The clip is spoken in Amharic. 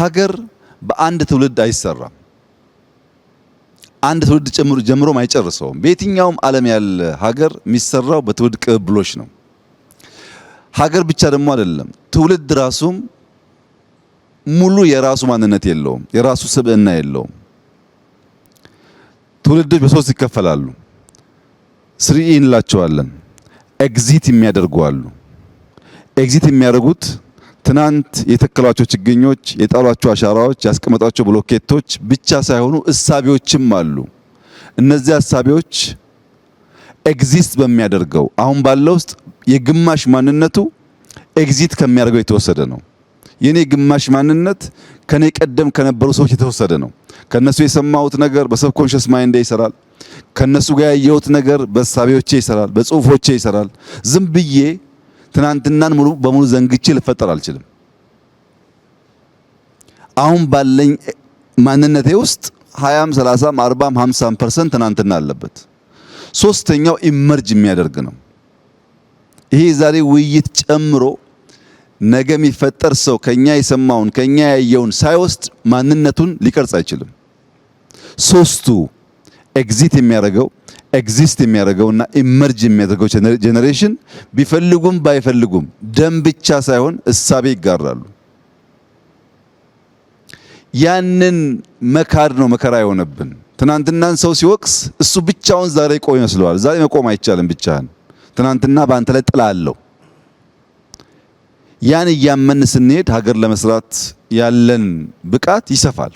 ሀገር በአንድ ትውልድ አይሰራም። አንድ ትውልድ ጀምሮም አይጨርሰውም። በየትኛውም ዓለም ያለ ሀገር የሚሰራው በትውልድ ቅብብሎች ነው። ሀገር ብቻ ደግሞ አይደለም፣ ትውልድ ራሱም ሙሉ የራሱ ማንነት የለውም፣ የራሱ ስብዕና የለውም። ትውልዶች በሶስት ይከፈላሉ። ስሪኢ እንላቸዋለን። ኤግዚት የሚያደርጉ አሉ። ኤግዚት የሚያደርጉት ትናንት የተከሏቸው ችግኞች፣ የጣሏቸው አሻራዎች፣ ያስቀመጧቸው ብሎኬቶች ብቻ ሳይሆኑ እሳቢዎችም አሉ። እነዚህ እሳቤዎች ኤግዚስት በሚያደርገው አሁን ባለው ውስጥ የግማሽ ማንነቱ ኤግዚት ከሚያደርገው የተወሰደ ነው። የኔ ግማሽ ማንነት ከኔ ቀደም ከነበሩ ሰዎች የተወሰደ ነው። ከነሱ የሰማሁት ነገር በሰብኮንሽስ ማይንዴ ይሰራል። ከነሱ ጋር ያየሁት ነገር በሳቢዎቼ ይሰራል፣ በጽሁፎቼ ይሰራል። ዝም ብዬ ትናንትናን ሙሉ በሙሉ ዘንግቼ ልፈጠር አልችልም። አሁን ባለኝ ማንነቴ ውስጥ 20ም 30 40 50 ፐርሰንት ትናንትና አለበት። ሶስተኛው ኢመርጅ የሚያደርግ ነው። ይሄ ዛሬ ውይይት ጨምሮ ነገ የሚፈጠር ሰው ከኛ የሰማውን ከኛ ያየውን ሳይወስድ ማንነቱን ሊቀርጽ አይችልም። ሶስቱ ኤግዚት የሚያደርገው ኤግዚስት የሚያደርገውና ኢመርጅ የሚያደርገው ጄኔሬሽን ቢፈልጉም ባይፈልጉም ደም ብቻ ሳይሆን እሳቤ ይጋራሉ። ያንን መካድ ነው መከራ የሆነብን። ትናንትናን ሰው ሲወቅስ እሱ ብቻውን ዛሬ ቆም ይመስለዋል። ዛሬ መቆም አይቻልም ብቻህን። ትናንትና በአንተ ላይ ጥላ አለው። ያን እያመን ስንሄድ ሀገር ለመስራት ያለን ብቃት ይሰፋል።